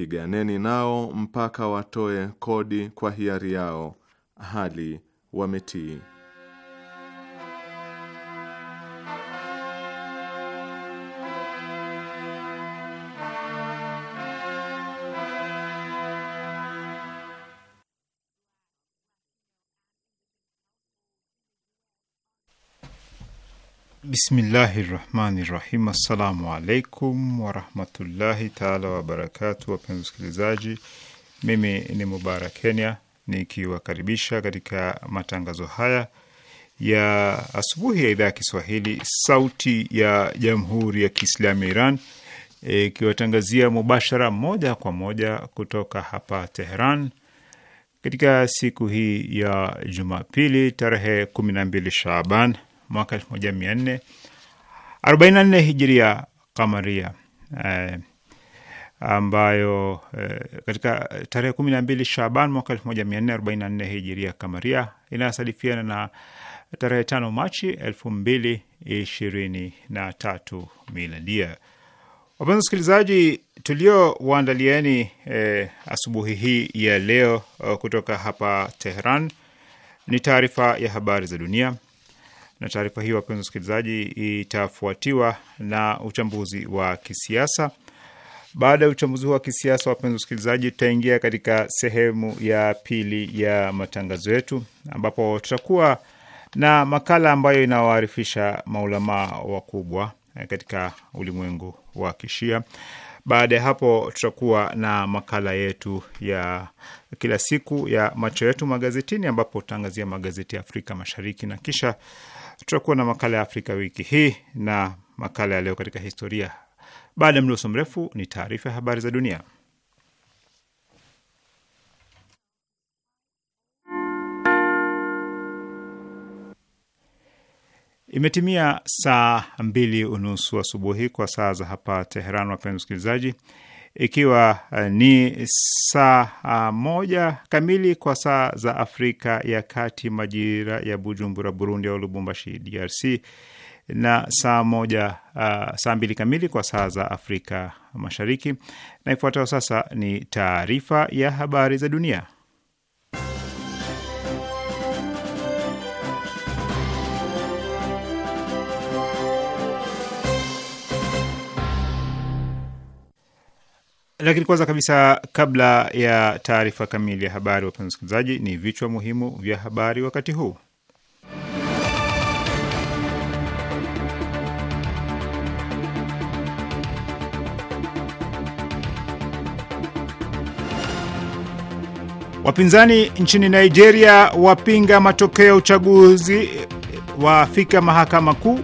piganeni nao mpaka watoe kodi kwa hiari yao hali wametii. Bismillahi rahmani rahim. Assalamu alaikum warahmatullahi taala wabarakatu. Wapenzi wasikilizaji, mimi ni Mubarak Kenya nikiwakaribisha katika matangazo haya ya asubuhi ya idhaa ya Kiswahili sauti ya jamhuri ya Kiislamu ya Iran ikiwatangazia e, mubashara moja kwa moja kutoka hapa Teheran katika siku hii ya Jumapili tarehe kumi na mbili Shaaban mwaka 1444 hijiria kamaria eh, ambayo eh, katika tarehe kumi na mbili Shaban mwaka 1444 hijiria kamaria inayosadifiana na tarehe tano Machi 2023 miladia. Wapenzi wasikilizaji, waandalieni eh, asubuhi hii ya leo eh, kutoka hapa Tehran ni taarifa ya habari za dunia na taarifa hiyo, wapenzi wasikilizaji, itafuatiwa na uchambuzi wa kisiasa. Baada ya uchambuzi huu wa kisiasa, wapenzi wasikilizaji, tutaingia katika sehemu ya pili ya matangazo yetu ambapo tutakuwa na makala ambayo inawaarifisha maulamaa wakubwa eh, katika ulimwengu wa Kishia. Baada ya hapo, tutakuwa na makala yetu ya kila siku ya macho yetu magazetini, ambapo tutaangazia magazeti ya Afrika Mashariki na kisha tutakuwa na makala ya Afrika wiki hii na makala ya leo katika historia. Baada ya mdoso mrefu, ni taarifa ya habari za dunia. Imetimia saa mbili unusu asubuhi kwa saa za hapa Teheran. Wapenzi usikilizaji ikiwa eh, ni saa ah, moja kamili kwa saa za Afrika ya Kati, majira ya Bujumbura Burundi au Lubumbashi DRC, na saa moja uh, saa mbili kamili kwa saa za Afrika Mashariki. Na ifuatayo sasa ni taarifa ya habari za dunia. Lakini kwanza kabisa, kabla ya taarifa kamili ya habari, wapenzi wasikilizaji, ni vichwa muhimu vya habari wakati huu. Wapinzani nchini Nigeria wapinga matokeo ya uchaguzi, wafika mahakama kuu.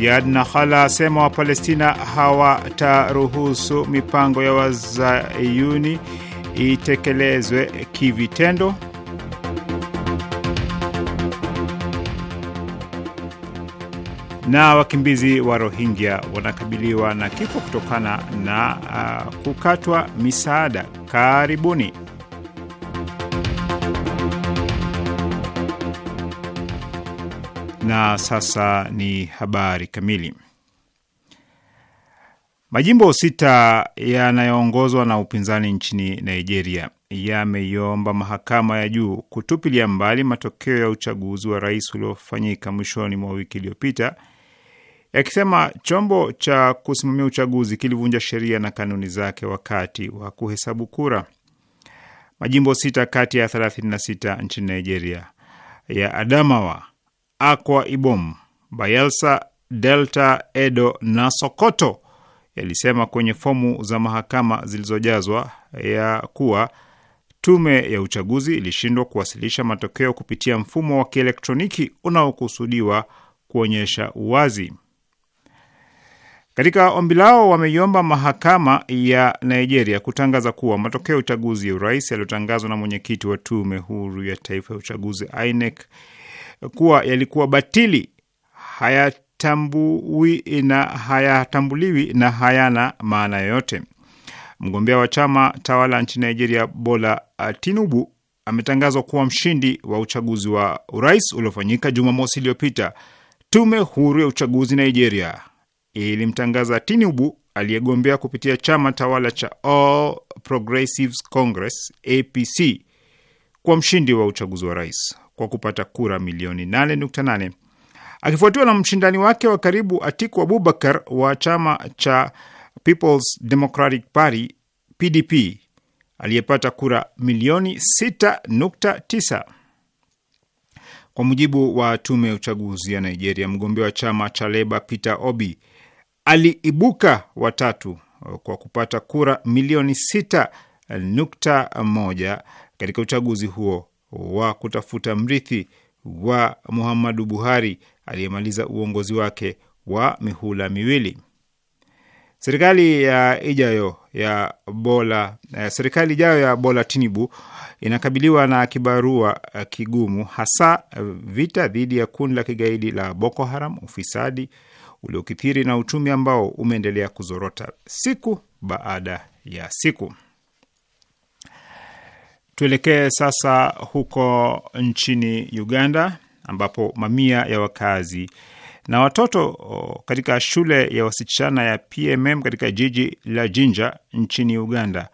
Ziad Nakhala asema Wapalestina hawataruhusu mipango ya wazayuni itekelezwe kivitendo. na wakimbizi wa Rohingya wanakabiliwa na kifo kutokana na uh, kukatwa misaada. Karibuni. Na sasa ni habari kamili. Majimbo sita yanayoongozwa na upinzani nchini Nigeria yameiomba mahakama ya juu kutupilia mbali matokeo ya uchaguzi wa rais uliofanyika mwishoni mwa wiki iliyopita, yakisema chombo cha kusimamia uchaguzi kilivunja sheria na kanuni zake wakati wa kuhesabu kura. Majimbo sita kati ya 36 nchini Nigeria ya Adamawa, Akwa Ibom, Bayelsa, Delta, Edo na Sokoto yalisema kwenye fomu za mahakama zilizojazwa ya kuwa tume ya uchaguzi ilishindwa kuwasilisha matokeo kupitia mfumo wa kielektroniki unaokusudiwa kuonyesha uwazi. Katika ombi lao wameiomba mahakama ya Nigeria kutangaza kuwa matokeo ya uchaguzi ya urais yaliyotangazwa na mwenyekiti wa tume huru ya taifa ya uchaguzi INEC kuwa yalikuwa batili, hayatambui na hayatambuliwi na hayana maana yoyote. Mgombea wa chama tawala nchini Nigeria, Bola uh, Tinubu, ametangazwa kuwa mshindi wa uchaguzi wa urais uliofanyika Jumamosi iliyopita. Tume huru ya uchaguzi Nigeria ilimtangaza Tinubu aliyegombea kupitia chama tawala cha All Progressives Congress APC kwa mshindi wa uchaguzi wa rais kwa kupata kura milioni 8.8 akifuatiwa na mshindani wake wa karibu Atiku Abubakar wa chama cha Peoples Democratic Party PDP aliyepata kura milioni 6.9. Kwa mujibu wa tume ya uchaguzi ya Nigeria, mgombea wa chama cha Leba Peter Obi aliibuka watatu kwa kupata kura milioni 6.1 katika uchaguzi huo wa kutafuta mrithi wa Muhammadu Buhari aliyemaliza uongozi wake wa mihula miwili. Serikali ya ijayo ya Bola, eh, serikali ijayo ya Bola Tinubu inakabiliwa na kibarua eh, kigumu, hasa eh, vita dhidi ya kundi la kigaidi la Boko Haram, ufisadi uliokithiri na uchumi ambao umeendelea kuzorota siku baada ya siku. Tuelekee sasa huko nchini Uganda ambapo mamia ya wakazi na watoto katika shule ya wasichana ya PMM katika jiji la Jinja nchini Uganda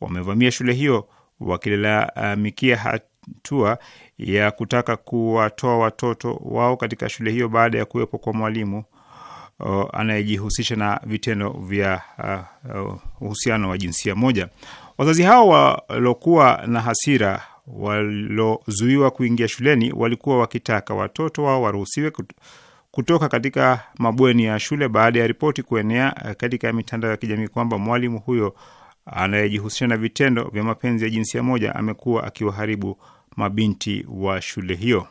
wamevamia shule hiyo wakilalamikia hatua ya kutaka kuwatoa watoto wao katika shule hiyo baada ya kuwepo kwa mwalimu anayejihusisha na vitendo vya uhusiano wa jinsia moja. Wazazi hao walokuwa na hasira walozuiwa kuingia shuleni walikuwa wakitaka watoto wao waruhusiwe kutoka katika mabweni ya shule baada ya ripoti kuenea eh, katika mitandao ya kijamii kwamba mwalimu huyo anayejihusisha na vitendo vya mapenzi ya jinsia moja amekuwa akiwaharibu mabinti wa shule hiyo.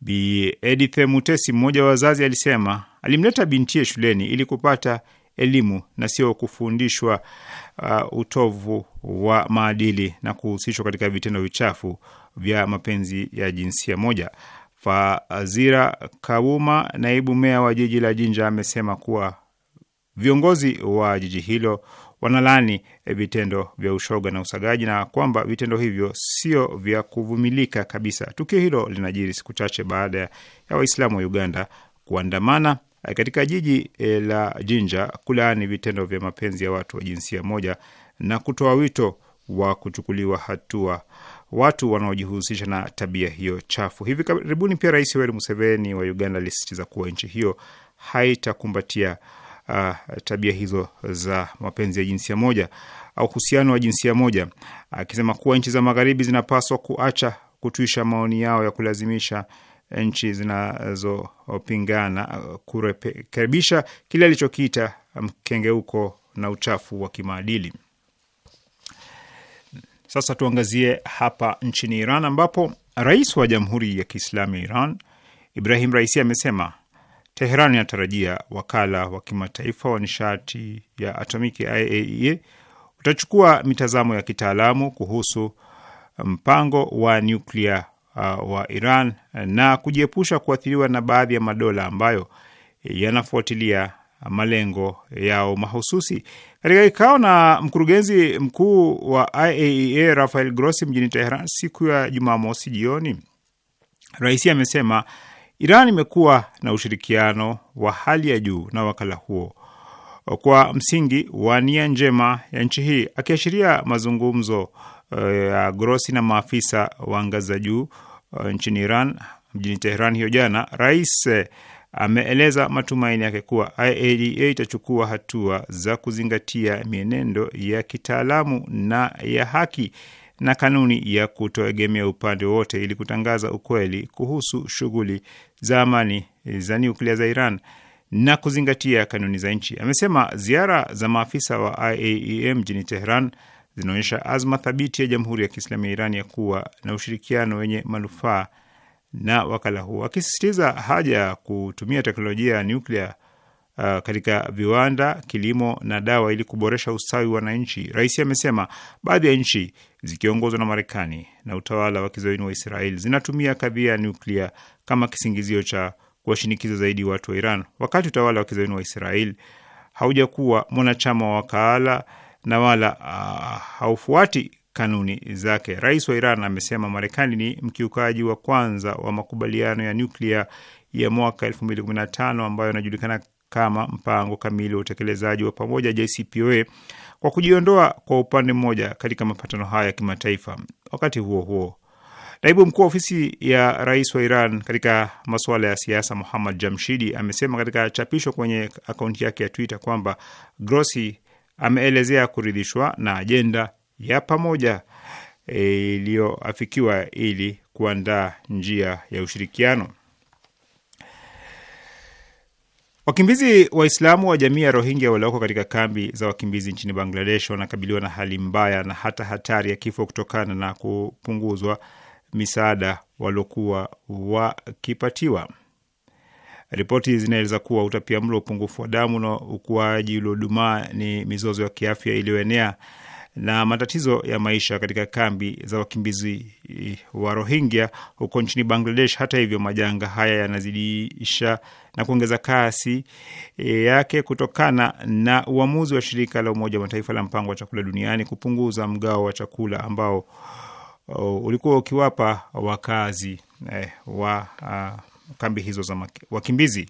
Bi Edith Mutesi, mmoja wa wazazi, alisema alimleta bintiye shuleni ili kupata elimu na sio kufundishwa uh, utovu wa maadili na kuhusishwa katika vitendo vichafu vya mapenzi ya jinsia moja. Fazira Kawuma, naibu meya wa jiji la Jinja, amesema kuwa viongozi wa jiji hilo wanalani vitendo vya ushoga na usagaji na kwamba vitendo hivyo sio vya kuvumilika kabisa. Tukio hilo linajiri siku chache baada ya Waislamu wa Uganda kuandamana Eh, katika jiji eh, la Jinja kulaani vitendo vya mapenzi ya watu wa jinsia moja na kutoa wito wa kuchukuliwa hatua watu wanaojihusisha na tabia hiyo chafu. Hivi karibuni pia Rais Yoweri Museveni wa Uganda alisisitiza kuwa nchi hiyo haitakumbatia uh, tabia hizo za mapenzi ya jinsia moja au uhusiano wa jinsia moja, akisema uh, kuwa nchi za magharibi zinapaswa kuacha kutuisha maoni yao ya kulazimisha nchi zinazopingana uh, kurekebisha kile alichokiita mkengeuko na uchafu wa kimaadili. Sasa tuangazie hapa nchini Iran ambapo rais wa Jamhuri ya Kiislamu ya Iran Ibrahim Raisi amesema Teheran inatarajia wakala wa kimataifa wa nishati ya atomiki IAEA e, utachukua mitazamo ya kitaalamu kuhusu mpango wa nyuklia uh, wa Iran eh, na kujiepusha kuathiriwa na baadhi ya madola ambayo yanafuatilia malengo yao mahususi. Katika kikao na mkurugenzi mkuu wa IAEA e Rafael Grossi mjini Teheran siku ya Jumamosi jioni, rais amesema Iran imekuwa na ushirikiano wa hali ya juu na wakala huo kwa msingi wa nia njema ya nchi hii, akiashiria mazungumzo Eh, ya Grosi na maafisa wa ngazi za juu eh, nchini Iran mjini Tehran hiyo jana, rais eh, ameeleza matumaini yake kuwa IAEA e itachukua hatua za kuzingatia mienendo ya kitaalamu na ya haki na kanuni ya kutoegemea upande wowote ili kutangaza ukweli kuhusu shughuli za amani za nyuklia za Iran na kuzingatia kanuni za nchi. Amesema ziara za maafisa wa IAEA e mjini Tehran zinaonyesha azma thabiti ya Jamhuri ya Kiislamu ya Iran ya kuwa na ushirikiano wenye manufaa na wakala huo, akisisitiza haja ya kutumia teknolojia ya nyuklia Uh, katika viwanda, kilimo na dawa ili kuboresha ustawi wa wananchi. Rais amesema baadhi ya nchi zikiongozwa na Marekani na utawala wa kizayuni wa Israeli zinatumia kadhia ya nuklia kama kisingizio cha kuwashinikiza zaidi watu wa Iran, wakati utawala wa kizayuni wa Israeli haujakuwa mwanachama wa wakala na wala uh, haufuati kanuni zake. Rais wa Iran amesema Marekani ni mkiukaji wa kwanza wa makubaliano ya nyuklia ya mwaka 2015 ambayo yanajulikana kama mpango kamili wa utekelezaji wa pamoja JCPOA kwa kujiondoa kwa upande mmoja katika mapatano haya ya kimataifa. Wakati huo huo, naibu mkuu wa ofisi ya rais wa Iran katika masuala ya siasa Muhammad Jamshidi amesema katika chapisho kwenye akaunti yake ya Twitter kwamba Grossi ameelezea kuridhishwa na ajenda ya pamoja e, iliyoafikiwa ili kuandaa njia ya ushirikiano. Wakimbizi Waislamu wa jamii ya Rohingya walioko katika kambi za wakimbizi nchini Bangladesh wanakabiliwa na hali mbaya na hata hatari ya kifo kutokana na kupunguzwa misaada waliokuwa wakipatiwa. Ripoti zinaeleza kuwa mlo, upungufu wa damu na ukuaji uliodumaa ni mizozo ya kiafya iliyoenea na matatizo ya maisha katika kambi za wakimbizi wa Rohingya huko nchini Bangladesh. Hata hivyo, majanga haya yanazidisha na kuongeza kasi e, yake kutokana na uamuzi wa shirika la Umoja wa Mataifa la mpango wa chakula duniani kupunguza mgao wa chakula ambao e, ulikuwa ukiwapa wakazi eh, wa uh, kambi hizo za wakimbizi.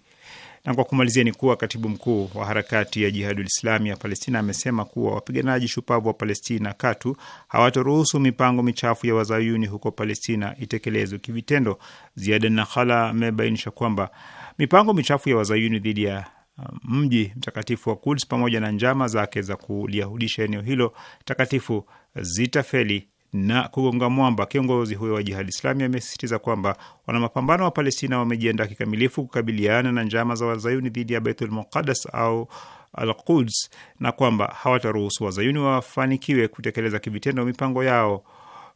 Na kwa kumalizia ni kuwa katibu mkuu wa harakati ya Jihadul Islami ya Palestina amesema kuwa wapiganaji shupavu wa Palestina katu hawatoruhusu mipango michafu ya wazayuni huko Palestina itekelezwe kivitendo. Ziada Nakhala amebainisha kwamba mipango michafu ya wazayuni dhidi ya um, mji mtakatifu wa Kuds pamoja na njama zake za kuliahudisha eneo hilo takatifu zitafeli na kugonga mwamba. Kiongozi huyo wa Jihadi Islami amesisitiza kwamba wanamapambano wa Palestina wamejiandaa kikamilifu kukabiliana na njama za wazayuni dhidi ya Baitul Muqaddas au Al-Quds na kwamba hawataruhusu wazayuni wafanikiwe kutekeleza kivitendo mipango yao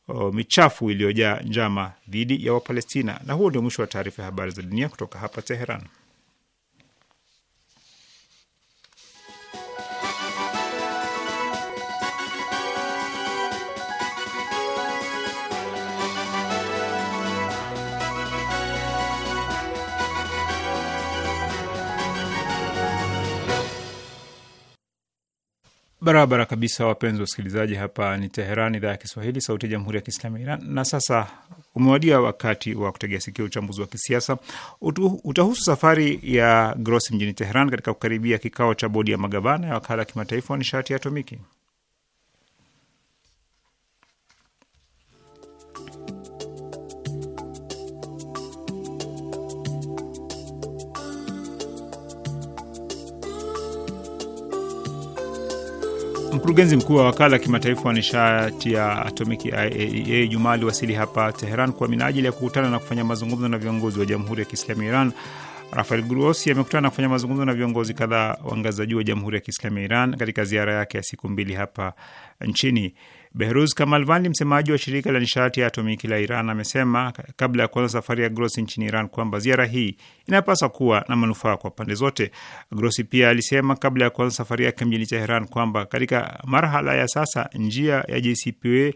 o, michafu iliyojaa njama dhidi ya Wapalestina. Na huo ndio mwisho wa taarifa ya habari za dunia kutoka hapa Teheran. Barabara kabisa, wapenzi wasikilizaji, hapa ni Teheran, idhaa ya Kiswahili, sauti ya jamhuri ya kiislamu ya Iran. Na sasa umewadia wakati wa kutegea sikio uchambuzi wa kisiasa. Utahusu safari ya Grossi mjini Teheran katika kukaribia kikao cha bodi ya magavana ya wakala ya kimataifa wa nishati ya atomiki. Mkurugenzi mkuu wa wakala wa kimataifa wa nishati ya atomiki IAEA e Jumaa aliwasili hapa Teheran kwa minajili ya kukutana na kufanya mazungumzo na viongozi wa Jamhuri ya Kiislamu ya Iran. Rafael Gruosi amekutana na kufanya mazungumzo na viongozi kadhaa wa ngazi za juu wa Jamhuri ya Kiislamu ya Iran katika ziara yake ya siku mbili hapa nchini. Behruz Kamalvandi, msemaji wa shirika la nishati ya atomiki la Iran, amesema kabla ya kuanza safari ya Grosi nchini Iran kwamba ziara hii inapaswa kuwa na manufaa kwa pande zote. Grosi pia alisema kabla ya kuanza safari yake mjini Teheran kwamba katika marhala ya sasa njia ya JCPOA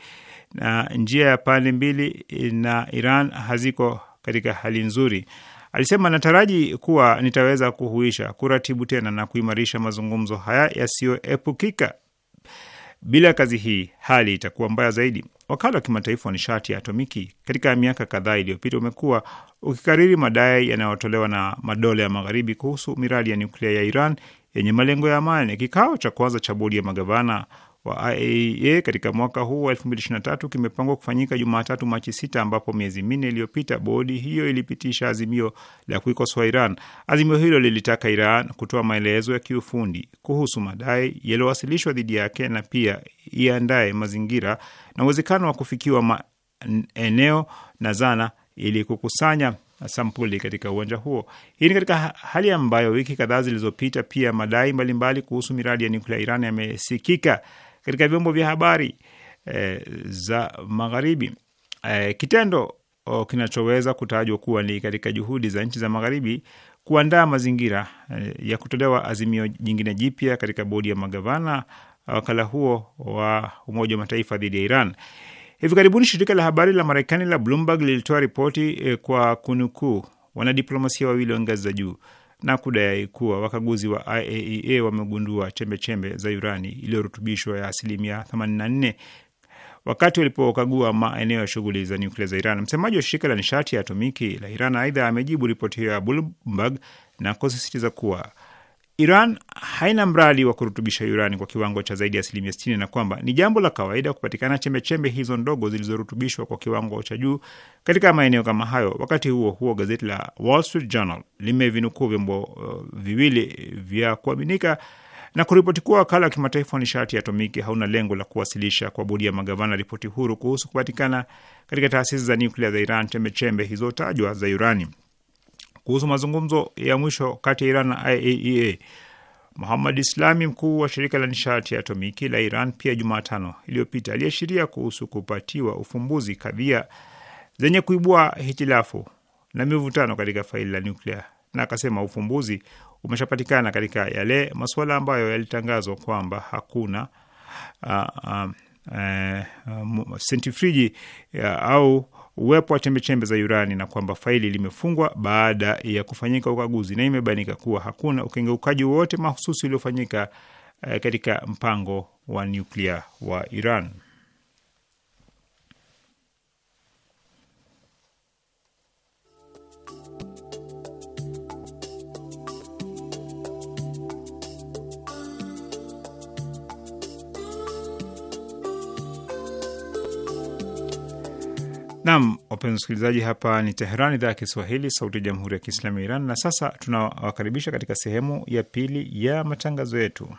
na njia ya pande mbili na Iran haziko katika hali nzuri. Alisema nataraji kuwa nitaweza kuhuisha, kuratibu tena na kuimarisha mazungumzo haya yasiyoepukika bila ya kazi hii hali itakuwa mbaya zaidi. Wakala wa kimataifa wa nishati ya atomiki katika miaka kadhaa iliyopita umekuwa ukikariri madai yanayotolewa na madola ya magharibi kuhusu miradi ya nyuklia ya Iran yenye malengo ya amani. Kikao cha kwanza cha bodi ya magavana wa IAEA e, katika mwaka huu wa 2023 kimepangwa kufanyika Jumatatu Machi 6, ambapo miezi minne iliyopita bodi hiyo ilipitisha azimio la kuikosoa Iran. Azimio hilo lilitaka Iran kutoa maelezo ya kiufundi kuhusu madai yaliyowasilishwa dhidi yake na pia iandae mazingira na uwezekano wa kufikiwa eneo na zana ili kukusanya sampuli katika uwanja huo. Hii ni katika hali ambayo wiki kadhaa zilizopita pia madai mbalimbali mbali kuhusu miradi ya nyuklia Iran yamesikika katika vyombo vya habari e, za magharibi e, kitendo o, oh, kinachoweza kutajwa kuwa ni katika juhudi za nchi za magharibi kuandaa mazingira e, ya kutolewa azimio jingine jipya katika bodi ya magavana wakala huo wa Umoja wa Mataifa dhidi ya Iran. Hivi karibuni shirika la habari la Marekani la Bloomberg lilitoa ripoti e, kwa kunukuu wanadiplomasia wawili wa ngazi za juu na kudai kuwa wakaguzi wa IAEA e wamegundua chembechembe za urani iliyorutubishwa ya asilimia 84 wakati walipokagua maeneo ya shughuli za nyuklia za Iran. Msemaji wa shirika la nishati ya atomiki la Iran aidha amejibu ripoti hiyo ya Bloomberg na kusisitiza kuwa Iran haina mradi wa kurutubisha urani kwa kiwango cha zaidi ya asilimia 6 na kwamba ni jambo la kawaida kupatikana chembechembe hizo ndogo zilizorutubishwa kwa kiwango cha juu katika maeneo kama hayo. Wakati huo huo, gazeti la Wall Street Journal limevinukuu vyombo uh, viwili vya kuaminika na kuripoti kuwa wakala wa kimataifa wa nishati ya atomiki hauna lengo la kuwasilisha kwa bodi ya magavana ripoti huru kuhusu kupatikana katika taasisi za nyuklia za Iran chembechembe hizo tajwa za urani kuhusu mazungumzo ya mwisho kati ya Iran na IAEA. E Muhammad Islami, mkuu wa shirika la nishati ya atomiki la Iran, pia Jumatano iliyopita aliashiria kuhusu kupatiwa ufumbuzi kadhia zenye kuibua hitilafu na mivutano katika faili la nyuklia, na akasema ufumbuzi umeshapatikana katika yale masuala ambayo yalitangazwa kwamba hakuna uh, uh, uh, eh, sentifriji uh, au uwepo wa chembechembe za urani na kwamba faili limefungwa baada ya kufanyika ukaguzi na imebainika kuwa hakuna ukengeukaji wowote mahususi uliofanyika uh, katika mpango wa nyuklia wa Iran. Nam, wapenzi msikilizaji, hapa ni Teheran, idhaa ya Kiswahili, sauti ya jamhuri ya kiislamu ya Iran. Na sasa tunawakaribisha katika sehemu ya pili ya matangazo yetu.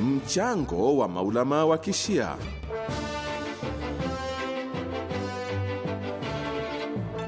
Mchango wa maulama wa kishia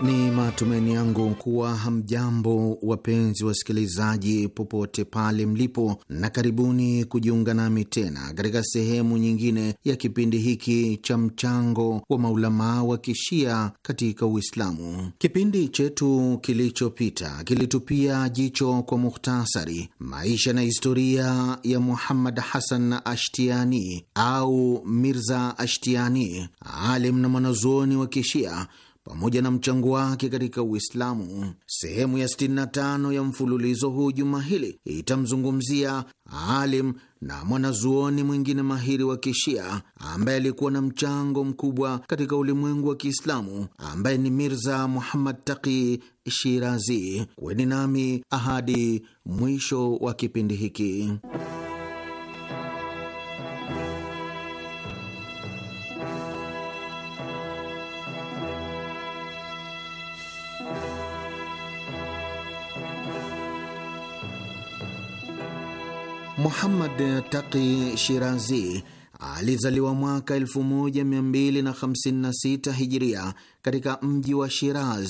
Ni matumaini yangu kuwa hamjambo, wapenzi wasikilizaji, popote pale mlipo, na karibuni kujiunga nami tena katika sehemu nyingine ya kipindi hiki cha mchango wa maulamaa wa kishia katika Uislamu. Kipindi chetu kilichopita kilitupia jicho kwa mukhtasari maisha na historia ya Muhammad Hasan Ashtiani au Mirza Ashtiani, alim na mwanazuoni wa kishia pamoja na mchango wake katika Uislamu. Sehemu ya 65 ya mfululizo huu juma hili itamzungumzia alim na mwanazuoni mwingine mahiri wa Kishia ambaye alikuwa na mchango mkubwa katika ulimwengu wa Kiislamu, ambaye ni Mirza Muhammad Taqi Shirazi. Kweni nami ahadi mwisho wa kipindi hiki. Muhammad Taqi Shirazi alizaliwa mwaka 1256 Hijria katika mji wa Shiraz,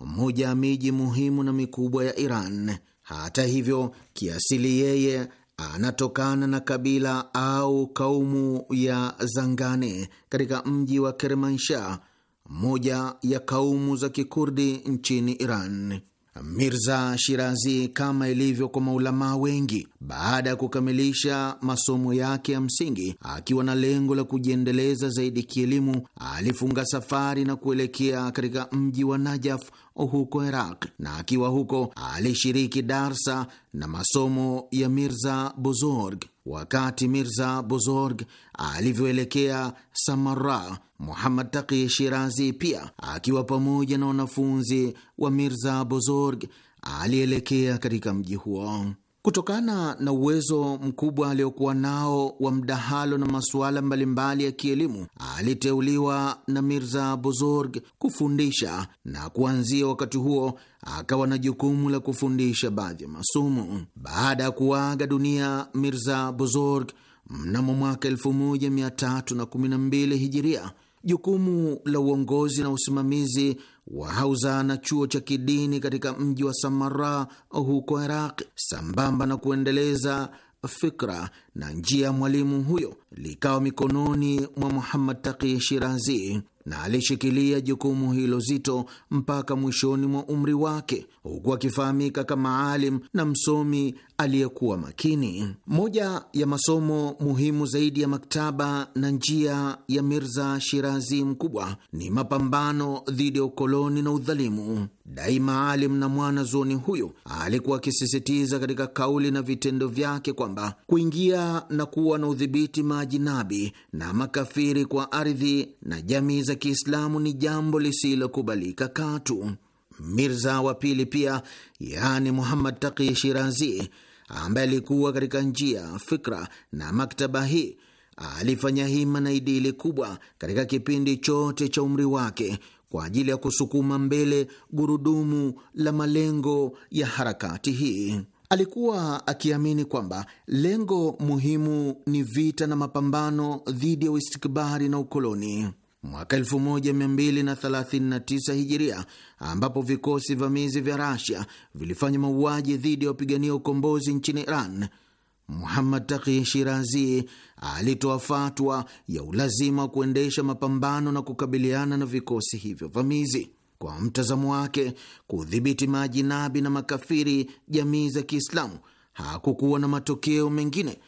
mmoja ya miji muhimu na mikubwa ya Iran. Hata hivyo, kiasili yeye anatokana na kabila au kaumu ya Zangane katika mji wa Kermanshah, moja ya kaumu za Kikurdi nchini Iran. Mirza Shirazi, kama ilivyo kwa maulamaa wengi, baada ya kukamilisha masomo yake ya msingi akiwa na lengo la kujiendeleza zaidi kielimu, alifunga safari na kuelekea katika mji wa Najaf huko Iraq, na akiwa huko alishiriki darsa na masomo ya Mirza Bozorg. Wakati Mirza Bozorg alivyoelekea Samara, Muhammad Taqi Shirazi pia akiwa pamoja na wanafunzi wa Mirza Bozorg alielekea katika mji huo. Kutokana na uwezo mkubwa aliokuwa nao wa mdahalo na masuala mbalimbali ya kielimu, aliteuliwa na Mirza Bozorg kufundisha, na kuanzia wakati huo akawa na jukumu la kufundisha baadhi ya masomo. Baada ya kuaga dunia Mirza Bozorg mnamo mwaka 1312 hijiria jukumu la uongozi na usimamizi wa hauza na chuo cha kidini katika mji wa Samara huko Iraq, sambamba na kuendeleza fikra na njia ya mwalimu huyo, likawa mikononi mwa Muhammad Taqi Shirazi, na alishikilia jukumu hilo zito mpaka mwishoni mwa umri wake, huku akifahamika kama alim na msomi aliyekuwa makini. Moja ya masomo muhimu zaidi ya maktaba na njia ya Mirza Shirazi mkubwa ni mapambano dhidi ya ukoloni na udhalimu. Daima alim na mwana zuoni huyo alikuwa akisisitiza katika kauli na vitendo vyake kwamba kuingia na kuwa na udhibiti maajinabi na makafiri kwa ardhi na jamii za Kiislamu ni jambo lisilokubalika katu. Mirza wa pili pia, yani Muhammad Taqi Shirazi ambaye alikuwa katika njia, fikra na maktaba hii alifanya hima na idili kubwa katika kipindi chote cha umri wake kwa ajili ya kusukuma mbele gurudumu la malengo ya harakati hii. Alikuwa akiamini kwamba lengo muhimu ni vita na mapambano dhidi ya uistikbari na ukoloni mwaka 1239 hijiria ambapo vikosi vamizi vya Rasia vilifanya mauaji dhidi ya wapigania ukombozi nchini Iran, Muhammad taki Shirazi alitoa fatwa ya ulazima wa kuendesha mapambano na kukabiliana na vikosi hivyo vamizi. Kwa mtazamo wake, kudhibiti nabi na makafiri jamii za Kiislamu hakukuwa na matokeo mengine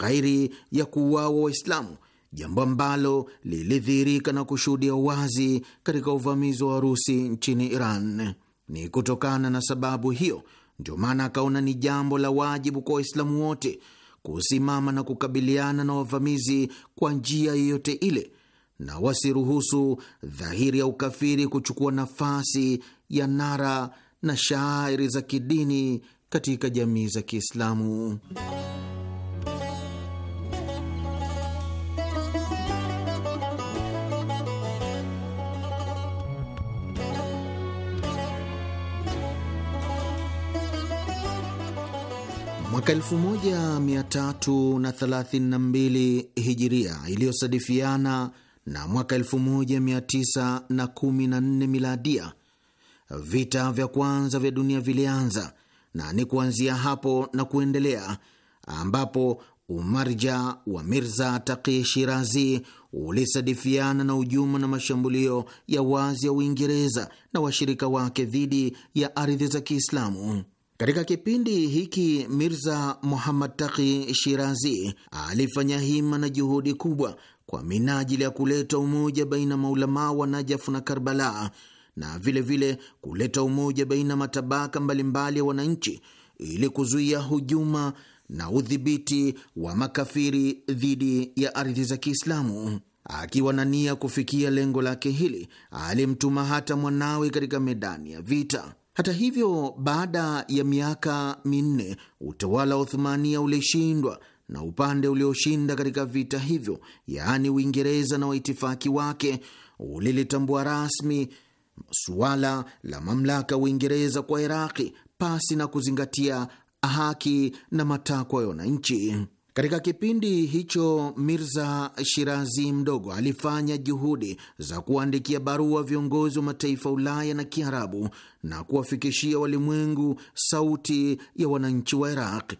ghairi ya kuuawa Waislamu jambo ambalo lilidhihirika na kushuhudia wazi katika uvamizi wa Warusi nchini Iran. Ni kutokana na sababu hiyo ndio maana akaona ni jambo la wajibu kwa Waislamu wote kusimama na kukabiliana na wavamizi kwa njia yoyote ile, na wasiruhusu dhahiri ya ukafiri kuchukua nafasi ya nara na shaari za kidini katika jamii za Kiislamu. Mwaka 1332 hijiria iliyosadifiana na mwaka 1914 miladia, vita vya kwanza vya dunia vilianza, na ni kuanzia hapo na kuendelea ambapo umarja wa Mirza Taki Shirazi ulisadifiana na ujuma na mashambulio ya wazi ya Uingereza na washirika wake dhidi ya ardhi za Kiislamu. Katika kipindi hiki Mirza Muhammad Taki Shirazi alifanya hima na juhudi kubwa kwa minajili ya kuleta umoja baina maulamaa wa Najafu na Karbala na vilevile vile kuleta umoja baina matabaka mbalimbali ya wananchi ili kuzuia hujuma na udhibiti wa makafiri dhidi ya ardhi za Kiislamu. Akiwa na nia kufikia lengo lake hili, alimtuma hata mwanawe katika medani ya vita. Hata hivyo, baada ya miaka minne utawala wa Uthumania ulishindwa na upande ulioshinda katika vita hivyo, yaani Uingereza na waitifaki wake, ulilitambua rasmi suala la mamlaka ya Uingereza kwa Iraqi pasi na kuzingatia haki na matakwa ya wananchi. Katika kipindi hicho Mirza Shirazi mdogo alifanya juhudi za kuandikia barua viongozi wa mataifa Ulaya na Kiarabu na kuwafikishia walimwengu sauti ya wananchi wa Iraq.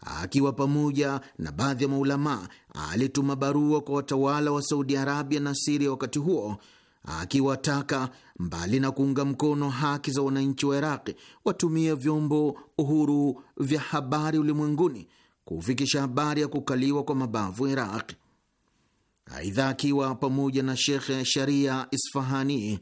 Akiwa pamoja na baadhi ya maulamaa, alituma barua kwa watawala wa Saudi Arabia na Siria wakati huo akiwataka mbali na kuunga mkono haki za wananchi wa Iraqi watumie vyombo uhuru vya habari ulimwenguni kufikisha habari ya kukaliwa kwa mabavu Iraq. Aidha, akiwa pamoja na Shekhe Sharia Isfahani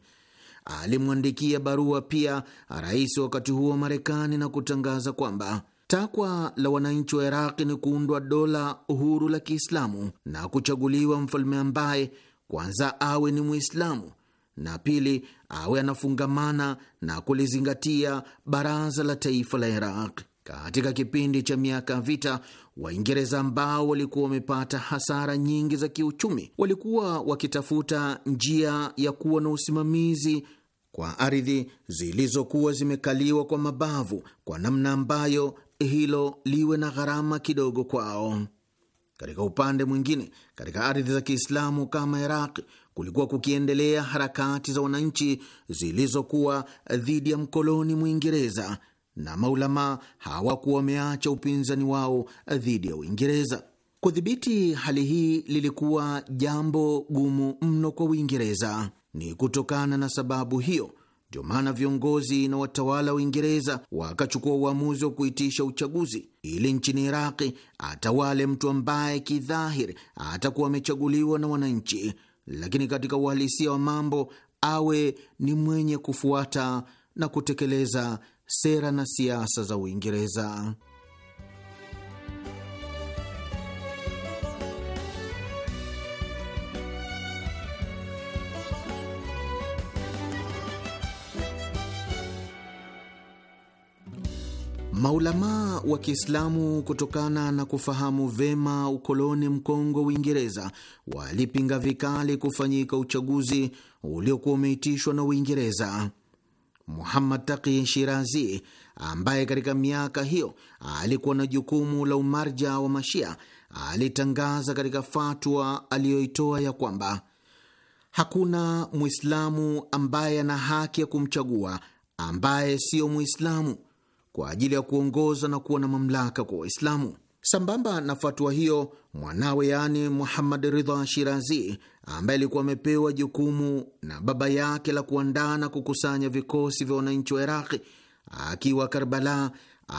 alimwandikia barua pia rais wakati huo wa Marekani na kutangaza kwamba takwa la wananchi wa Iraqi ni kuundwa dola uhuru la Kiislamu na kuchaguliwa mfalme ambaye kwanza awe ni Mwislamu na pili awe anafungamana na kulizingatia baraza la taifa la Iraq. Katika kipindi cha miaka ya vita, Waingereza ambao walikuwa wamepata hasara nyingi za kiuchumi, walikuwa wakitafuta njia ya kuwa na usimamizi kwa ardhi zilizokuwa zimekaliwa kwa mabavu kwa namna ambayo hilo liwe na gharama kidogo kwao. Katika upande mwingine, katika ardhi za Kiislamu kama Iraq kulikuwa kukiendelea harakati za wananchi zilizokuwa dhidi ya mkoloni Mwingereza na maulama hawakuwa wameacha upinzani wao dhidi ya Uingereza. Kudhibiti hali hii lilikuwa jambo gumu mno kwa Uingereza. Ni kutokana na sababu hiyo ndio maana viongozi na watawala wa Uingereza wakachukua uamuzi wa kuitisha uchaguzi ili nchini Iraqi atawale mtu ambaye kidhahiri atakuwa amechaguliwa na wananchi, lakini katika uhalisia wa mambo awe ni mwenye kufuata na kutekeleza sera na siasa za Uingereza. Maulamaa wa Kiislamu kutokana na kufahamu vema ukoloni mkongwe wa Uingereza walipinga vikali kufanyika uchaguzi uliokuwa umeitishwa na Uingereza. Muhammad Taqi Shirazi, ambaye katika miaka hiyo alikuwa na jukumu la umarja wa Mashia, alitangaza katika fatwa aliyoitoa ya kwamba hakuna Mwislamu ambaye ana haki ya kumchagua ambaye siyo Mwislamu kwa ajili ya kuongoza na kuwa na mamlaka kwa Waislamu. Sambamba na fatwa hiyo, mwanawe yaani Muhammad Ridha Shirazi, ambaye alikuwa amepewa jukumu na baba yake la kuandaa na kukusanya vikosi vya wananchi wa Iraqi, akiwa Karbala,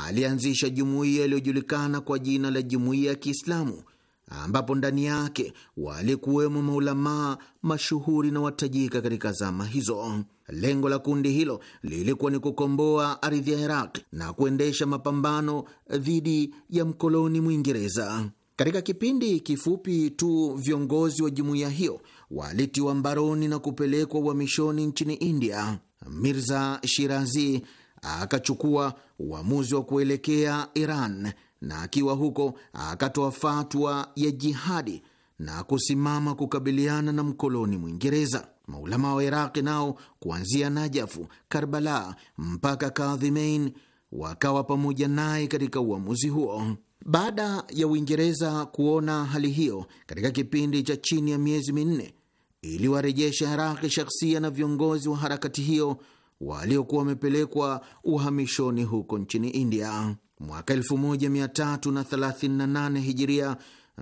alianzisha jumuiya iliyojulikana kwa jina la Jumuiya ya Kiislamu, ambapo ndani yake walikuwemo maulamaa mashuhuri na watajika katika zama hizo. Lengo la kundi hilo lilikuwa ni kukomboa ardhi ya Iraq na kuendesha mapambano dhidi ya mkoloni Mwingereza. Katika kipindi kifupi tu viongozi wa jumuiya hiyo walitiwa mbaroni na kupelekwa uhamishoni nchini India. Mirza Shirazi akachukua uamuzi wa kuelekea Iran, na akiwa huko akatoa fatwa ya jihadi na kusimama kukabiliana na mkoloni Mwingereza. Maulama wa Iraqi nao kuanzia Najafu, Karbala mpaka Kadhimain wakawa pamoja naye katika uamuzi huo. Baada ya Uingereza kuona hali hiyo, katika kipindi cha chini ya miezi minne iliwarejesha Iraqi shakhsia na viongozi wa harakati hiyo waliokuwa wamepelekwa uhamishoni huko nchini India. Mwaka 1338 Hijiria,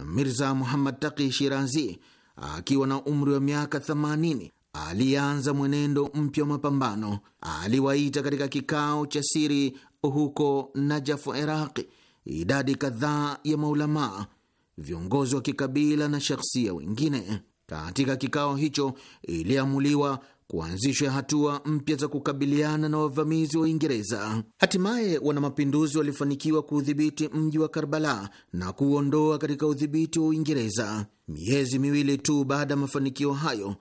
Mirza Muhammad Taqi Shirazi akiwa na umri wa miaka 80 alianza mwenendo mpya wa mapambano. Aliwaita katika kikao cha siri huko Najafu, Iraqi, idadi kadhaa ya maulamaa, viongozi wa kikabila na shakhsia wengine. Katika kikao hicho iliamuliwa kuanzishwa hatua mpya za kukabiliana na wavamizi wa Uingereza. Hatimaye wanamapinduzi walifanikiwa kuudhibiti mji wa Karbala na kuuondoa katika udhibiti wa Uingereza. Miezi miwili tu baada ya mafanikio hayo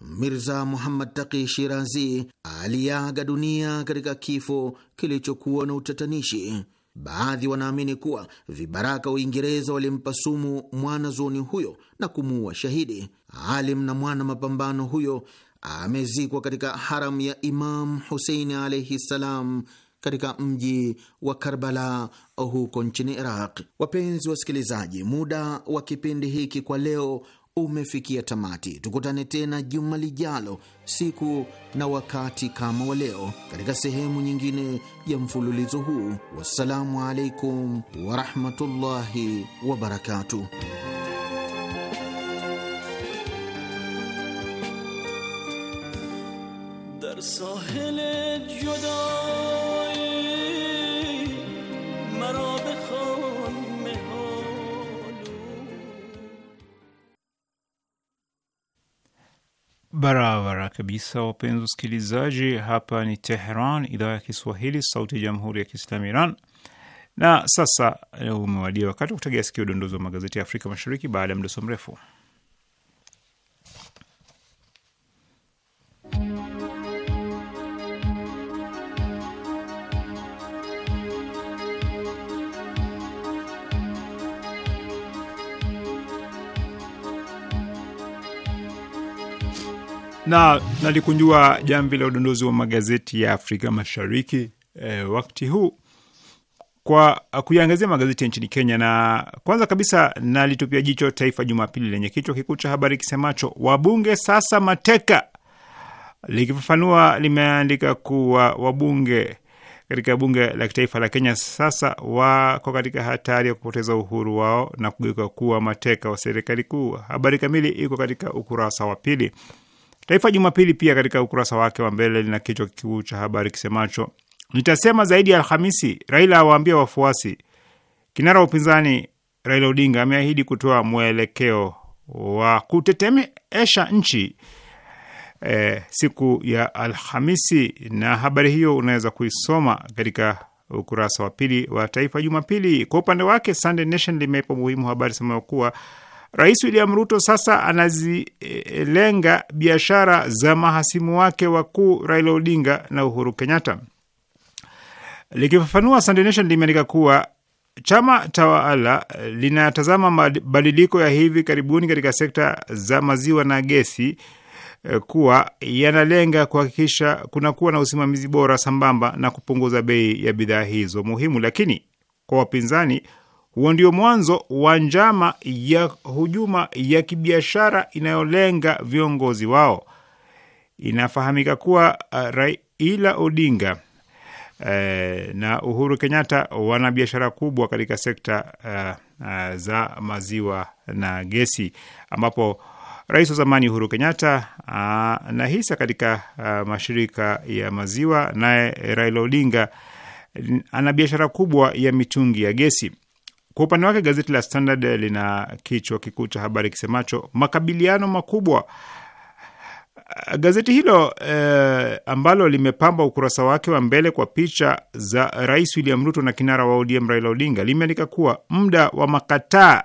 Mirza Muhammad Taki Shirazi aliaga dunia katika kifo kilichokuwa na utatanishi. Baadhi wanaamini kuwa vibaraka Uingereza walimpa sumu mwana zuoni huyo na kumuua shahidi. Alim na mwana mapambano huyo amezikwa katika haram ya Imam Huseini alaihi ssalam katika mji wa Karbala huko nchini Iraq. Wapenzi wasikilizaji, muda wa kipindi hiki kwa leo umefikia tamati. Tukutane tena juma lijalo, siku na wakati kama wa leo, katika sehemu nyingine ya mfululizo huu. Wassalamu alaikum warahmatullahi wabarakatuh. در ساحل جدا Barabara kabisa, wapenzi wasikilizaji, hapa ni Tehran, idhaa ya Kiswahili, sauti ya jamhuri ya kiislamu Iran. Na sasa eh, umewadia wakati wa kutegea sikio udondozi wa magazeti ya Afrika Mashariki baada ya mdoso mrefu na nalikunjua jamvi la udondozi wa magazeti ya Afrika Mashariki e, wakati huu kwa kuyaangazia magazeti ya nchini Kenya, na kwanza kabisa nalitupia jicho Taifa Jumapili lenye kichwa kikuu cha habari kisemacho wabunge sasa mateka. Likifafanua, limeandika kuwa wabunge katika bunge la kitaifa la Kenya sasa wako katika hatari ya kupoteza uhuru wao na kugeuka kuwa mateka wa serikali kuu. Habari kamili iko katika ukurasa wa pili. Taifa Jumapili pia katika ukurasa wake wa mbele lina kichwa kikuu cha habari kisemacho nitasema zaidi ya Alhamisi, Raila awaambia wafuasi. Kinara wa upinzani Raila Odinga ameahidi kutoa mwelekeo wa kutetemesha nchi e, siku ya Alhamisi, na habari hiyo unaweza kuisoma katika ukurasa wa pili wa Taifa Jumapili. Kwa upande wake Sunday Nation limeipa muhimu habari semayo kuwa Rais William Ruto sasa anazilenga biashara za mahasimu wake wakuu Raila Odinga na Uhuru Kenyatta. Likifafanua, Sunday Nation limeandika kuwa chama tawala linatazama mabadiliko ya hivi karibuni katika sekta za maziwa na gesi eh, kuwa yanalenga kuhakikisha kunakuwa na usimamizi bora sambamba na kupunguza bei ya bidhaa hizo muhimu. Lakini kwa wapinzani, huo ndio mwanzo wa njama ya hujuma ya kibiashara inayolenga viongozi wao. Inafahamika kuwa uh, Raila Odinga uh, na Uhuru Kenyatta wana biashara kubwa katika sekta uh, uh za maziwa na gesi, ambapo rais wa zamani Uhuru Kenyatta ana uh, hisa katika uh, mashirika ya maziwa, naye Raila Odinga ana biashara kubwa ya mitungi ya gesi. Kwa upande wake gazeti la Standard lina kichwa kikuu cha habari kisemacho makabiliano makubwa. Gazeti hilo eh, ambalo limepamba ukurasa wake wa mbele kwa picha za Rais William Ruto na kinara wa ODM Raila Odinga limeandika kuwa muda wa makataa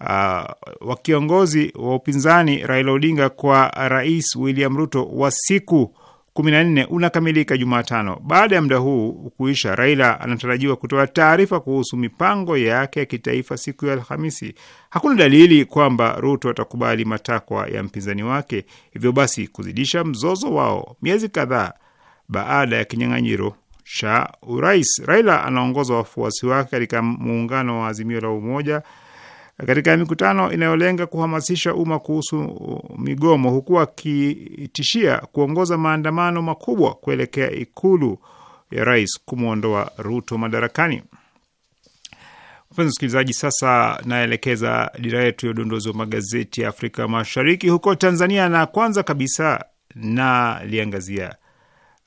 uh, wa kiongozi wa upinzani Raila Odinga kwa Rais William Ruto wa siku 14 unakamilika Jumatano. Baada ya muda huu kuisha, Raila anatarajiwa kutoa taarifa kuhusu mipango yake ya kitaifa siku ya Alhamisi. Hakuna dalili kwamba Ruto atakubali matakwa ya mpinzani wake, hivyo basi kuzidisha mzozo wao miezi kadhaa baada ya kinyang'anyiro cha urais. Raila anaongoza wafuasi wake katika muungano wa Azimio la Umoja katika mikutano inayolenga kuhamasisha umma kuhusu uh, migomo, huku akitishia kuongoza maandamano makubwa kuelekea ikulu ya rais kumwondoa Ruto madarakani. Mpenzi msikilizaji, sasa naelekeza dira yetu ya udondozi wa magazeti ya Afrika Mashariki huko Tanzania, na kwanza kabisa na liangazia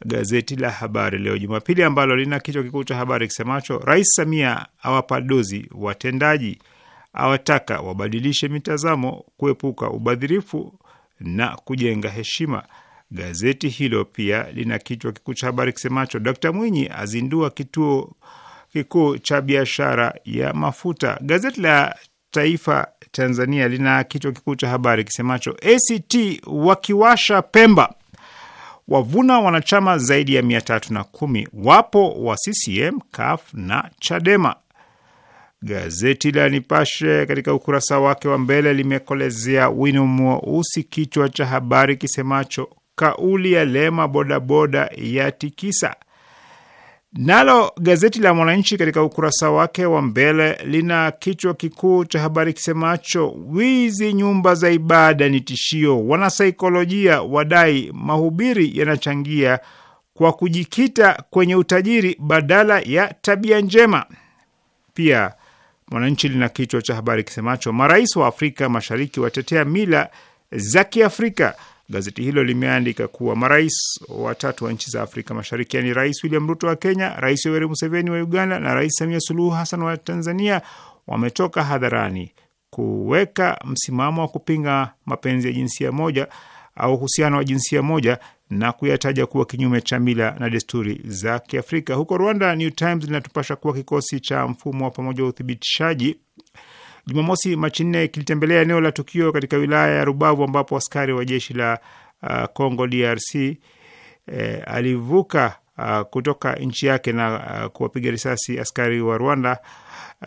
gazeti la Habari Leo Jumapili ambalo lina kichwa kikuu cha habari kisemacho Rais Samia awapa dozi watendaji awataka wabadilishe mitazamo, kuepuka ubadhirifu na kujenga heshima. Gazeti hilo pia lina kichwa kikuu cha habari kisemacho Dkt Mwinyi azindua kituo kikuu cha biashara ya mafuta. Gazeti la Taifa Tanzania lina kichwa kikuu cha habari kisemacho ACT wakiwasha Pemba wavuna wanachama zaidi ya mia tatu na kumi wapo wa CCM, CUF na Chadema. Gazeti la Nipashe katika ukurasa wake wa mbele limekolezea wino mweusi kichwa cha habari kisemacho kauli ya Lema bodaboda ya tikisa. Nalo gazeti la Mwananchi katika ukurasa wake wa mbele lina kichwa kikuu cha habari kisemacho wizi nyumba za ibada ni tishio, wanasaikolojia wadai mahubiri yanachangia kwa kujikita kwenye utajiri badala ya tabia njema. Pia Mwananchi lina kichwa cha habari kisemacho marais wa Afrika Mashariki watetea mila za Kiafrika. Gazeti hilo limeandika kuwa marais watatu wa nchi za Afrika Mashariki, yaani Rais William Ruto wa Kenya, Rais Yoweri Museveni wa Uganda na Rais Samia Suluhu Hassan wa Tanzania wametoka hadharani kuweka msimamo wa kupinga mapenzi ya jinsia moja au uhusiano wa jinsia moja na kuyataja kuwa kinyume cha mila na desturi za Kiafrika. Huko Rwanda, New Times linatupasha kuwa kikosi cha mfumo wa pamoja wa uthibitishaji Jumamosi Machi nne kilitembelea eneo la tukio katika wilaya ya Rubavu ambapo askari wa jeshi la uh, Congo DRC eh, alivuka uh, kutoka nchi yake na uh, kuwapiga risasi askari wa Rwanda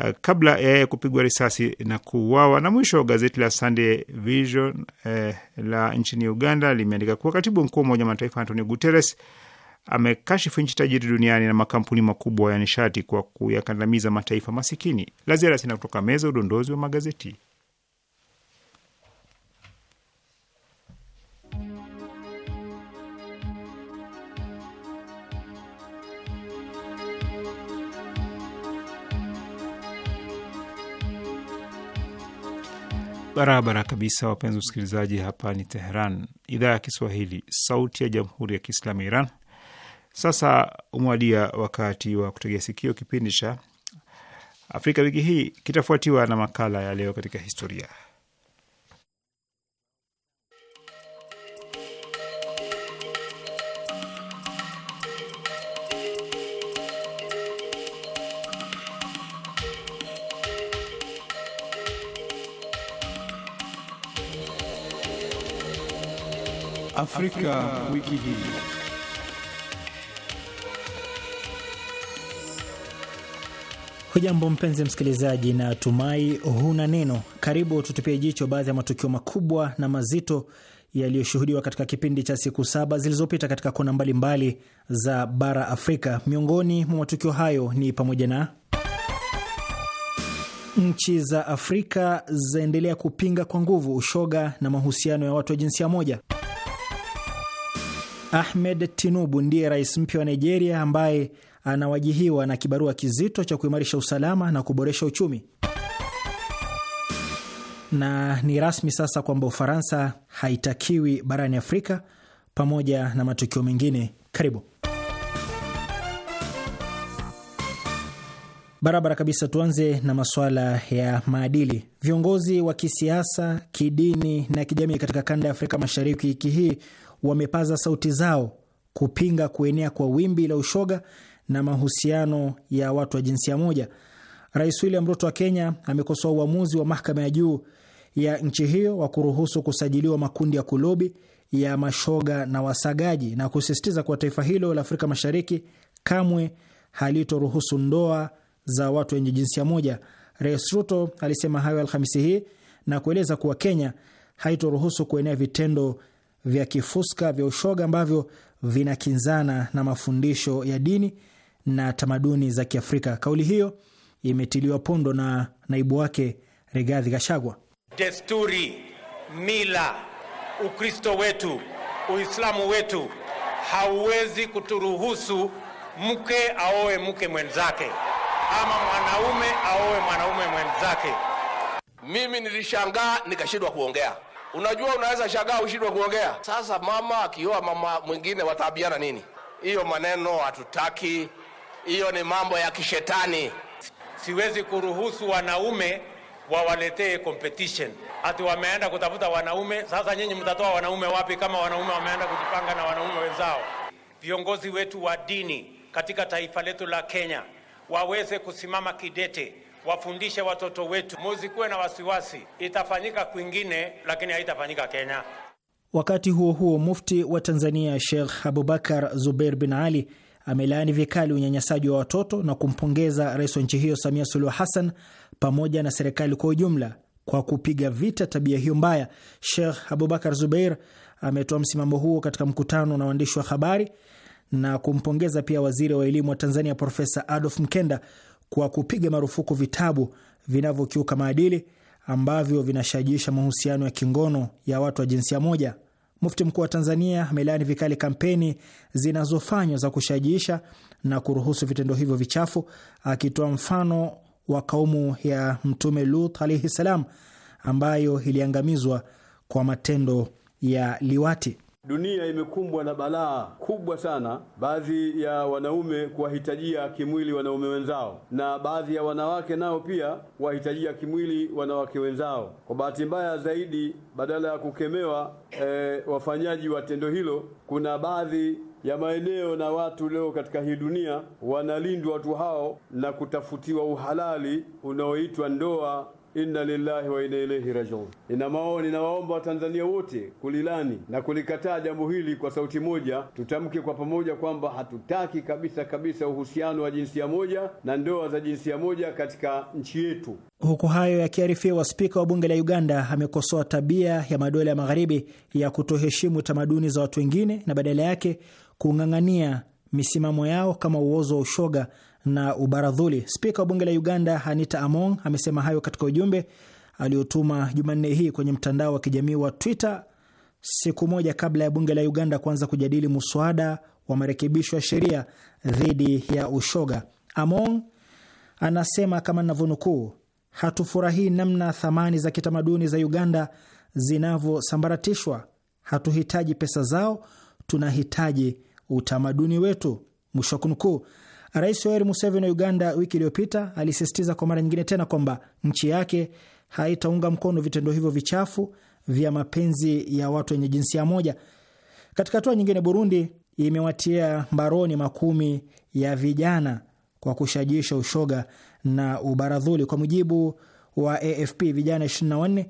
Eh, kabla ya eh, yeye kupigwa risasi na kuuawa. Na mwisho gazeti la Sunday Vision eh, la nchini Uganda limeandika kuwa katibu mkuu wa Umoja wa Mataifa Antonio Guterres amekashifu nchi tajiri duniani na makampuni makubwa ya nishati kwa kuyakandamiza mataifa masikini. La ziada sina kutoka meza udondozi wa magazeti. Barabara kabisa, wapenzi wasikilizaji, hapa ni Teheran, idhaa ya Kiswahili, sauti ya jamhuri ya kiislamu ya Iran. Sasa umewadia wakati wa kutegea sikio kipindi cha Afrika wiki hii, kitafuatiwa na makala ya leo katika historia. Afrika, wiki hii. Hujambo mpenzi msikilizaji, na tumai huna neno. Karibu tutupie jicho baadhi ya matukio makubwa na mazito yaliyoshuhudiwa katika kipindi cha siku saba zilizopita katika kona mbalimbali za bara Afrika. Miongoni mwa matukio hayo ni pamoja na nchi za Afrika zaendelea kupinga kwa nguvu ushoga na mahusiano ya watu wa jinsia moja. Ahmed Tinubu ndiye rais mpya wa Nigeria ambaye anawajihiwa na kibarua kizito cha kuimarisha usalama na kuboresha uchumi. Na ni rasmi sasa kwamba Ufaransa haitakiwi barani Afrika, pamoja na matukio mengine. Karibu barabara kabisa. Tuanze na masuala ya maadili. Viongozi wa kisiasa, kidini na kijamii katika kanda ya Afrika Mashariki wiki hii wamepaza sauti zao kupinga kuenea kwa wimbi la ushoga na mahusiano ya watu wa jinsia moja. Rais William Ruto wa Kenya amekosoa uamuzi wa mahakama ya juu ya nchi hiyo wa kuruhusu kusajiliwa makundi ya kulobi ya mashoga na wasagaji na kusisitiza kuwa taifa hilo la Afrika Mashariki kamwe halitoruhusu ndoa za watu wenye jinsia moja. Rais Ruto alisema hayo Alhamisi hii na kueleza kuwa Kenya haitoruhusu kuenea vitendo vya kifuska vya ushoga ambavyo vinakinzana na mafundisho ya dini na tamaduni za Kiafrika. Kauli hiyo imetiliwa pondo na naibu wake Rigathi Gachagua. Desturi, mila, Ukristo wetu, Uislamu wetu hauwezi kuturuhusu mke aoe mke mwenzake ama mwanaume aoe mwanaume mwenzake. Mimi nilishangaa nikashindwa kuongea Unajua, unaweza shagaa ushindwe kuongea. Sasa mama akioa mama mwingine wataabiana nini? Hiyo maneno hatutaki, hiyo ni mambo ya kishetani. Siwezi kuruhusu wanaume wawaletee competition ati wameenda kutafuta wanaume. Sasa nyinyi mtatoa wanaume wapi kama wanaume wameenda kujipanga na wanaume wenzao? Viongozi wetu wa dini katika taifa letu la Kenya waweze kusimama kidete wafundishe watoto wetu, muzikuwe na wasiwasi, itafanyika kwingine, lakini haitafanyika Kenya. Wakati huo huo, mufti wa Tanzania Sheikh Abubakar Zubeir bin Ali amelaani vikali unyanyasaji wa watoto na kumpongeza rais wa nchi hiyo Samia Suluhu Hassan pamoja na serikali kwa ujumla kwa kupiga vita tabia hiyo mbaya. Sheikh Abubakar Zubeir ametoa msimamo huo katika mkutano na waandishi wa habari na kumpongeza pia waziri wa elimu wa Tanzania Profesa Adolf Mkenda kwa kupiga marufuku vitabu vinavyokiuka maadili ambavyo vinashajiisha mahusiano ya kingono ya watu wa jinsia moja. Mufti mkuu wa Tanzania amelaani vikali kampeni zinazofanywa za kushajiisha na kuruhusu vitendo hivyo vichafu, akitoa mfano wa kaumu ya Mtume Lut alaihi salam ambayo iliangamizwa kwa matendo ya liwati. Dunia imekumbwa na balaa kubwa sana, baadhi ya wanaume kuwahitajia kimwili wanaume wenzao, na baadhi ya wanawake nao pia kuwahitajia kimwili wanawake wenzao. Kwa bahati mbaya zaidi, badala ya kukemewa e, wafanyaji wa tendo hilo, kuna baadhi ya maeneo na watu leo katika hii dunia wanalindwa watu hao na kutafutiwa uhalali unaoitwa ndoa inna lillahi wa inna ilaihi rajiun. Nina maoni, ninawaomba Watanzania wote kulilani na kulikataa jambo hili kwa sauti moja. Tutamke kwa pamoja kwamba hatutaki kabisa kabisa uhusiano wa jinsia moja na ndoa za jinsia moja katika nchi yetu. Huku hayo yakiarifiwa, spika wa bunge la Uganda amekosoa tabia ya madola ya magharibi ya kutoheshimu tamaduni za watu wengine na badala yake kung'ang'ania misimamo yao kama uozo wa ushoga na ubaradhuli. Spika wa bunge la Uganda Anita Among amesema hayo katika ujumbe aliotuma Jumanne hii kwenye mtandao wa kijamii wa Twitter siku moja kabla ya bunge la Uganda kuanza kujadili muswada wa marekebisho ya sheria dhidi ya ushoga. Among anasema kama navyonukuu, hatufurahii namna thamani za kitamaduni za Uganda zinavyosambaratishwa. Hatuhitaji pesa zao, tunahitaji utamaduni wetu, mwisho wa kunukuu. Rais Yoweri Museveni wa Uganda wiki iliyopita alisisitiza kwa mara nyingine tena kwamba nchi yake haitaunga mkono vitendo hivyo vichafu vya mapenzi ya watu wenye jinsia moja. Katika hatua nyingine, Burundi imewatia mbaroni makumi ya vijana kwa kushajiisha ushoga na ubaradhuli. Kwa mujibu wa AFP, vijana 24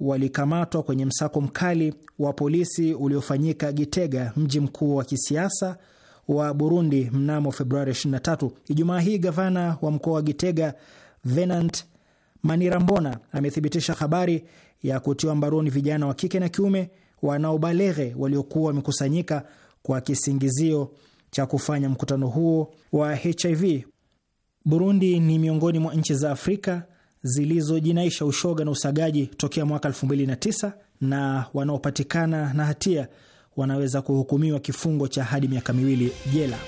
walikamatwa kwenye msako mkali wa polisi uliofanyika Gitega, mji mkuu wa kisiasa wa Burundi mnamo Februari 23. Ijumaa hii gavana wa mkoa wa Gitega Venant Manirambona amethibitisha habari ya kutiwa mbaroni vijana wa kike na kiume wanaobaleghe waliokuwa wamekusanyika kwa kisingizio cha kufanya mkutano huo wa HIV. Burundi ni miongoni mwa nchi za Afrika zilizojinaisha ushoga na usagaji tokea mwaka 2009 na wanaopatikana na hatia wanaweza kuhukumiwa kifungo cha hadi miaka miwili jela.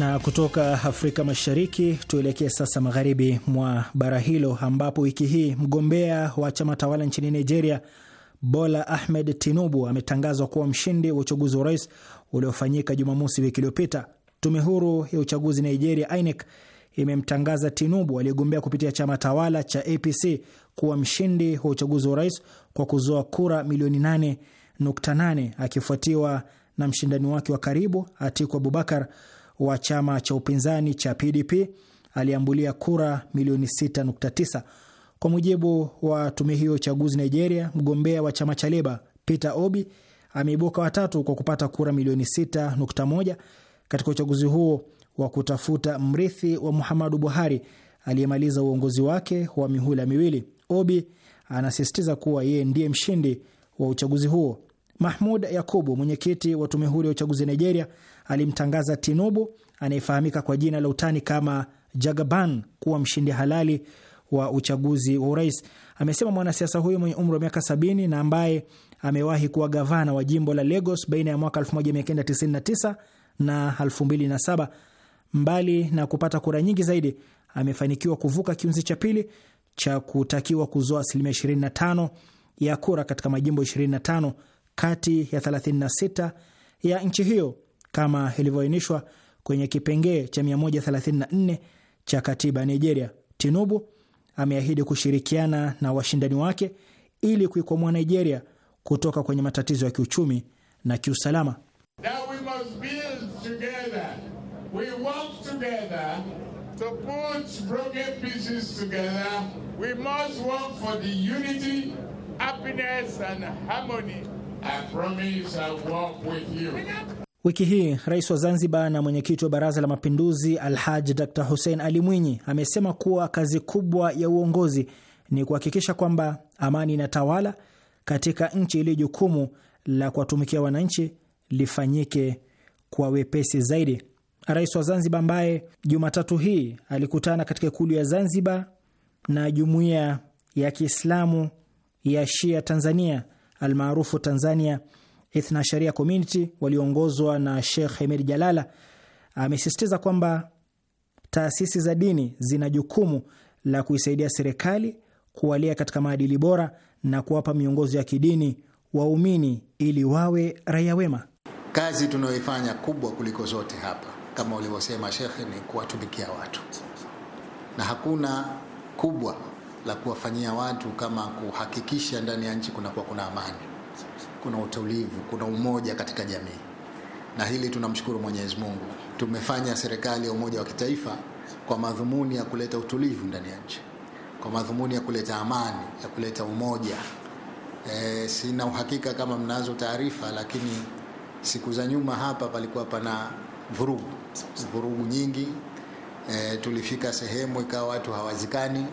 Na kutoka Afrika Mashariki tuelekee sasa magharibi mwa bara hilo, ambapo wiki hii mgombea wa chama tawala nchini Nigeria, Bola Ahmed Tinubu, ametangazwa kuwa mshindi wa uchaguzi wa rais uliofanyika Jumamosi wiki iliyopita. Tume huru ya uchaguzi Nigeria, INEC, imemtangaza Tinubu aliyegombea kupitia chama tawala cha APC kuwa mshindi wa uchaguzi wa rais kwa kuzoa kura milioni 8.8 akifuatiwa na mshindani wake wa karibu Atiku Abubakar wa chama cha upinzani cha PDP aliambulia kura milioni 6.9. Kwa mujibu wa tume hiyo uchaguzi Nigeria, mgombea wa chama cha Leba Peter Obi ameibuka watatu kwa kupata kura milioni 6.1 katika uchaguzi huo wa kutafuta mrithi wa Muhammadu Buhari aliyemaliza uongozi wake wa mihula miwili. Obi anasisitiza kuwa yeye ndiye mshindi wa uchaguzi huo. Mahmud Yakubu, mwenyekiti wa tume huru ya uchaguzi Nigeria, alimtangaza Tinubu anayefahamika kwa jina la utani kama Jagaban kuwa mshindi halali wa uchaguzi wa urais. Amesema mwanasiasa huyo mwenye umri wa miaka 70 na ambaye amewahi kuwa gavana wa jimbo la Lagos baina ya mwaka 1999 na 2007, mbali na kupata kura nyingi zaidi, amefanikiwa kuvuka kiunzi cha pili cha kutakiwa kuzoa asilimia 25 ya kura katika majimbo 25 kati ya 36 ya nchi hiyo kama ilivyoainishwa kwenye kipengee cha 134 cha katiba ya Nigeria. Tinubu ameahidi kushirikiana na washindani wake ili kuikwamua Nigeria kutoka kwenye matatizo ya kiuchumi na kiusalama. Wiki hii rais wa Zanzibar na mwenyekiti wa baraza la mapinduzi Alhaj Dr Hussein Ali Mwinyi amesema kuwa kazi kubwa ya uongozi ni kuhakikisha kwamba amani inatawala katika nchi ili jukumu la kuwatumikia wananchi lifanyike kwa wepesi zaidi. Rais wa Zanzibar ambaye Jumatatu hii alikutana katika ikulu ya Zanzibar na jumuiya ya Kiislamu ya Shia Tanzania almaarufu Tanzania Ithna Sharia Community walioongozwa na Sheikh Hemed Jalala, amesisitiza kwamba taasisi za dini zina jukumu la kuisaidia serikali kuwalia katika maadili bora na kuwapa miongozo ya kidini waumini ili wawe raia wema. Kazi tunayoifanya kubwa kuliko zote hapa, kama ulivyosema shekhe, ni kuwatumikia watu, na hakuna kubwa la kuwafanyia watu kama kuhakikisha ndani ya nchi kunakuwa kuna amani kuna utulivu, kuna umoja katika jamii, na hili tunamshukuru Mwenyezi Mungu. Tumefanya serikali ya umoja wa kitaifa kwa madhumuni ya kuleta utulivu ndani ya nchi, kwa madhumuni ya kuleta amani, ya kuleta umoja. E, sina uhakika kama mnazo taarifa, lakini siku za nyuma hapa palikuwa pana vurugu vurugu nyingi. E, tulifika sehemu ikawa watu hawazikani,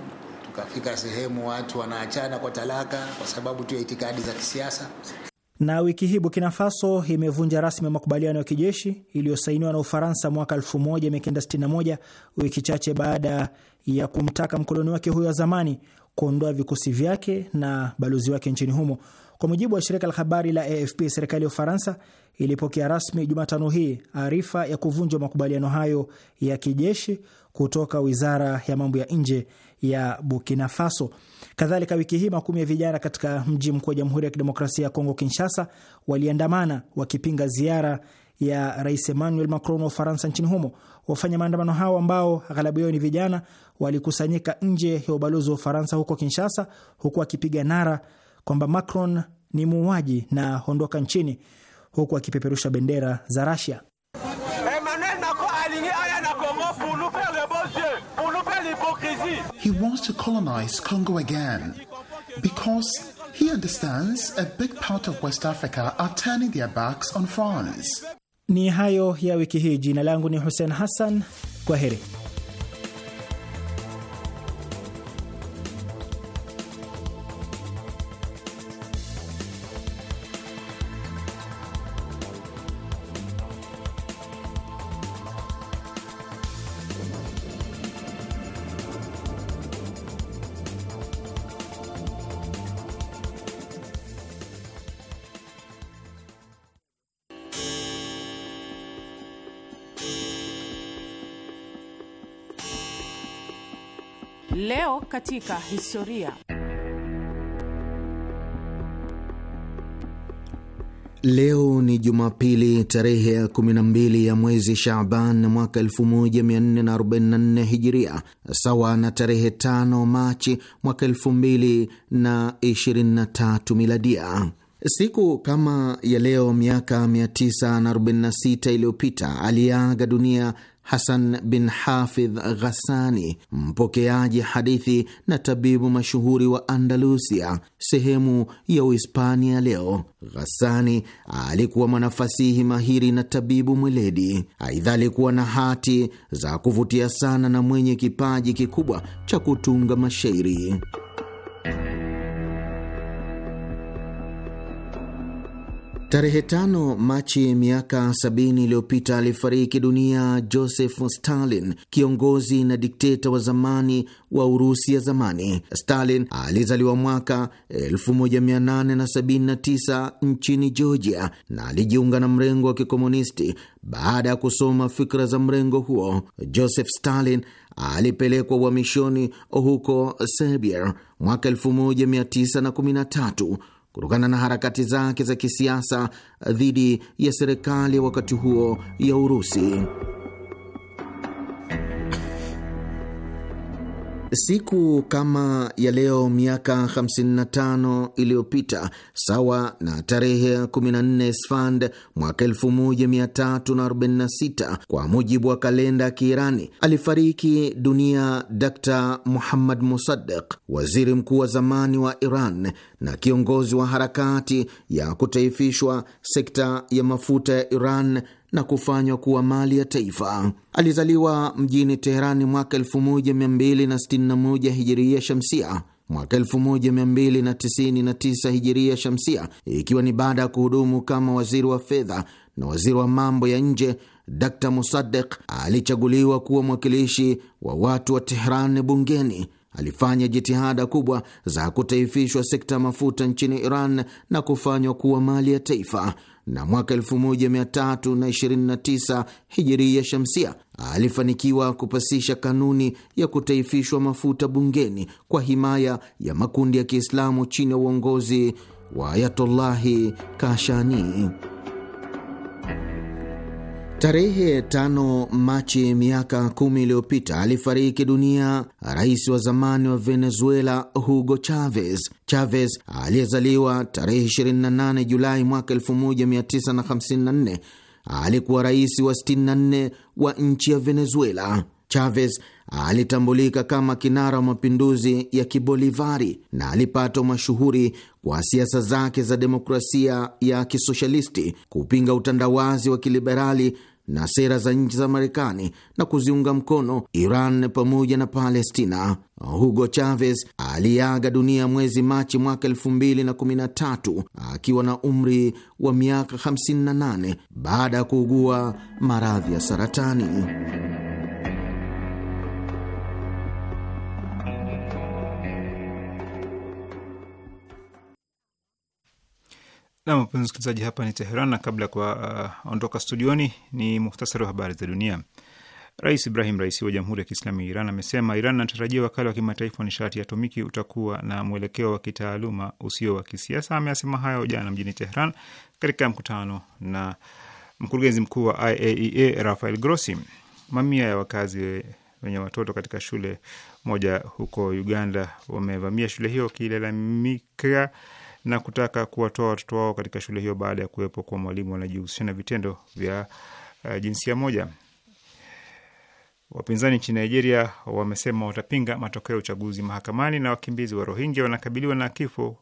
tukafika sehemu watu wanaachana kwa talaka kwa sababu tu ya itikadi za kisiasa. Na wiki hii Burkina Faso imevunja rasmi makubaliano ya kijeshi iliyosainiwa na Ufaransa mwaka 1961 wiki chache baada ya kumtaka mkoloni wake huyo wa zamani kuondoa vikosi vyake na balozi wake nchini humo. Kwa mujibu wa shirika la habari la AFP, serikali ya Ufaransa ilipokea rasmi Jumatano hii arifa ya kuvunjwa makubaliano hayo ya kijeshi kutoka wizara ya mambo ya nje ya Burkina Faso. Kadhalika, wiki hii makumi ya vijana katika mji mkuu wa Jamhuri ya Kidemokrasia ya Kongo, Kinshasa, waliandamana wakipinga ziara ya Rais Emmanuel Macron wa Ufaransa nchini humo. Wafanya maandamano hao ambao aghalabu yao ni vijana walikusanyika nje ya ubalozi wa Ufaransa huko Kinshasa, huku akipiga nara kwamba Macron ni muuaji na ondoka nchini, huku akipeperusha bendera za Rasia. he wants to colonize Congo again because he understands a big part of West Africa are turning their backs on France. Ni hayo ya wiki hii. Jina langu ni Hussein Hassan. Kwa heri. Leo katika historia. Leo ni Jumapili tarehe ya 12 ya mwezi shaban mwaka 1444 Hijiria, sawa na tarehe 5 Machi mwaka 2023 Miladia. Siku kama ya leo miaka 946 iliyopita aliaga dunia Hasan bin Hafidh Ghassani, mpokeaji hadithi na tabibu mashuhuri wa Andalusia, sehemu ya Uhispania leo. Ghassani alikuwa mwanafasihi mahiri na tabibu mweledi. Aidha, alikuwa na hati za kuvutia sana na mwenye kipaji kikubwa cha kutunga mashairi. Tarehe tano Machi miaka 7b iliyopita alifariki dunia Joseph Stalin, kiongozi na dikteta wa zamani wa Urusi ya zamani. Stalin alizaliwa mwaka 1879 nchini Georgia na alijiunga na mrengo wa kikomunisti baada ya kusoma fikra za mrengo huo. Joseph Stalin alipelekwa uhamishoni huko Serbia mwaka 1913 kutokana na harakati zake za kisiasa dhidi ya serikali wakati huo ya Urusi. Siku kama ya leo miaka 55 iliyopita sawa na tarehe 14 Sfand mwaka 1346 kwa mujibu wa kalenda ya Kiirani, alifariki dunia Dr Muhammad Musaddiq, waziri mkuu wa zamani wa Iran na kiongozi wa harakati ya kutaifishwa sekta ya mafuta ya Iran na kufanywa kuwa mali ya taifa. Alizaliwa mjini Teherani mwaka 1261 hijiria shamsia mwaka 1299 hijiria shamsia, ikiwa ni baada ya kuhudumu kama waziri wa fedha na waziri wa mambo ya nje. Dr musadik alichaguliwa kuwa mwakilishi wa watu wa Tehran bungeni. Alifanya jitihada kubwa za kutaifishwa sekta ya mafuta nchini Iran na kufanywa kuwa mali ya taifa na mwaka 1329 hijiria shamsia alifanikiwa kupasisha kanuni ya kutaifishwa mafuta bungeni kwa himaya ya makundi ya Kiislamu chini ya uongozi wa ayatullahi Kashani. Tarehe tano Machi miaka kumi iliyopita alifariki dunia rais wa zamani wa Venezuela Hugo Chavez. Chavez aliyezaliwa tarehe 28 Julai mwaka 1954 alikuwa rais wa 64 wa nchi ya Venezuela. Chavez alitambulika kama kinara wa mapinduzi ya kibolivari na alipata mashuhuri kwa siasa zake za demokrasia ya kisoshalisti, kupinga utandawazi wa kiliberali na sera za nchi za Marekani na kuziunga mkono Iran pamoja na Palestina. Hugo Chavez aliaga dunia mwezi Machi mwaka 2013 akiwa na umri wa miaka 58 baada ya kuugua maradhi ya saratani. Nam, mpenzi msikilizaji, hapa ni Teheran na kabla ya kuondoka uh, studioni ni muhtasari wa habari za dunia. Rais Ibrahim Raisi wa Jamhuri ya Kiislamu ya Iran amesema Iran anatarajia wakala wa kimataifa wa nishati ya atomiki utakuwa na mwelekeo wa kitaaluma usio wa kisiasa. ameasema hayo jana mjini Teheran katika mkutano na mkurugenzi mkuu wa IAEA e Rafael Grossi. Mamia ya wakazi wenye watoto katika shule moja huko Uganda wamevamia shule hiyo wakilalamika na kutaka kuwatoa watoto wao katika shule hiyo baada ya kuwepo kwa mwalimu wanajihusisha na vitendo vya uh, jinsia moja. Wapinzani nchini Nigeria wamesema watapinga matokeo ya uchaguzi mahakamani, na wakimbizi wa Rohingya wanakabiliwa na kifo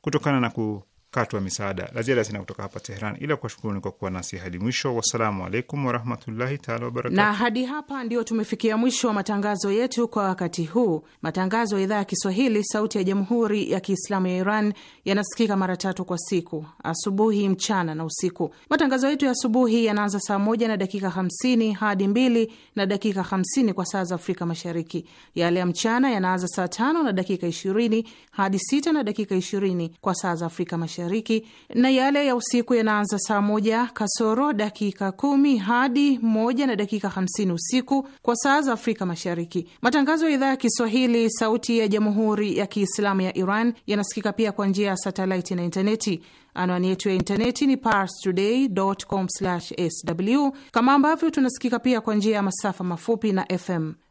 kutokana na ku kukatwa misaada. La ziada sina kutoka hapa Teheran, ila kwa shukuruni kwa kuwa nasi hadi mwisho. Wassalamu alaikum warahmatullahi taala wabarakatu. Na hadi hapa ndio tumefikia mwisho wa matangazo yetu kwa wakati huu. Matangazo ya idhaa ya Kiswahili sauti ya jamhuri ya Kiislamu ya Iran yanasikika mara tatu kwa siku, asubuhi, mchana na usiku. Matangazo yetu ya asubuhi yanaanza saa moja na dakika hamsini hadi mbili na dakika hamsini kwa saa za Afrika Mashariki. Yale ya mchana yanaanza saa tano na dakika ishirini hadi sita na dakika ishirini kwa saa za Afrika Mashariki. Mashariki, na yale ya usiku yanaanza saa moja kasoro dakika kumi hadi moja na dakika hamsini usiku kwa saa za Afrika Mashariki. Matangazo ya idhaa ya Kiswahili sauti ya Jamhuri ya Kiislamu ya Iran yanasikika pia kwa njia ya satelaiti na intaneti. Anwani yetu ya intaneti ni parstoday.com/sw, kama ambavyo tunasikika pia kwa njia ya masafa mafupi na FM.